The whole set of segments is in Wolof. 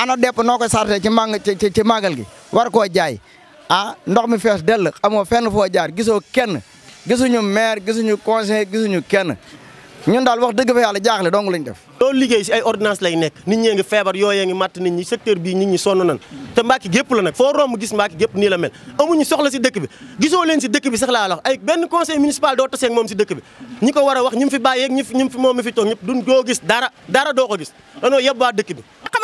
ano depp noo ko sarte ci màng ci ci war koo jaay ah ndox mi fees dell xamoo fenn foo jaar gisoo kenn gisuñu maire gisuñu conseil gisuñu kenn ñun daal wax dëgg fa yàlla jaaxle dong lañ def loolu liggéey si ay ordonnance lay nekk nit ñee ngi feebar yooyee ngi matt nit ñi secteur bii nit ñi sonn nan te Mbacke gépp la nag foo romb gis Mbacke gépp nii la mel amuñu soxla si dëkk bi gisoo leen si dëkk bi sax laa wax ay benn conseil municipal doo taseeg moom si dëkk bi ñi wax ñi mu fi bàyyeeg ñi ñëpp duñ doo gis dara dara doo ko gis danoo yeb waa bi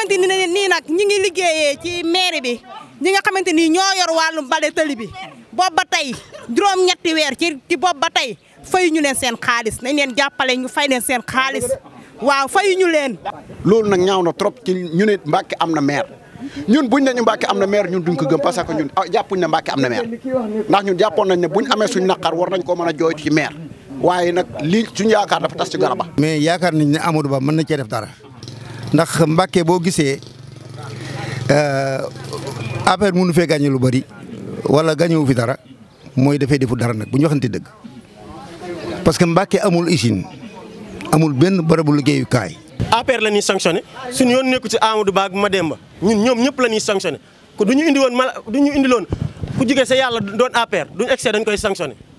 xamante ni ne nii nag ñi ngi liggéeyee ci mairie bi ñi nga xamante ni ñoo yor wàllum bale tëli bi ba tey juróom-ñetti weer ci ci ba tey fay ñu leen seen xaalis nañ leen jàppale ñu fay leen seen xaalis waaw fay ñu leen. loolu nag ñaaw na trop ci ñu ne Mbacke am na maire ñun buñ ne ñu Mbacke am na meer ñun duñ ko gëm parce que ñun ah, jàppuñ ne Mbacke am na maire ndax ñun jàppoon nañ ne buñ amee suñ naqar war nañ koo mën a jooytu ci maire waaye nag lii suñu yaakaar dafa tas ci garaba. mais yaakaar nañ ne Amadou Ba mën na cee def dara ndax bo boo euh affaire mënu fe gàññe lu bari wala wu fi dara mooy dafay defu dara nak bu waxanti deug parce que amul usine amul ben barabu liggéeyukaay. APR la ñuy sanctionné suñu yon neeku ci Amadou Ba ak Mademba ñun ñom ñep la ñuy sanctionné ko duñu indi won duñu indi lon ku jige sa yalla doon affaire duñ excès dañ koy sanctionné.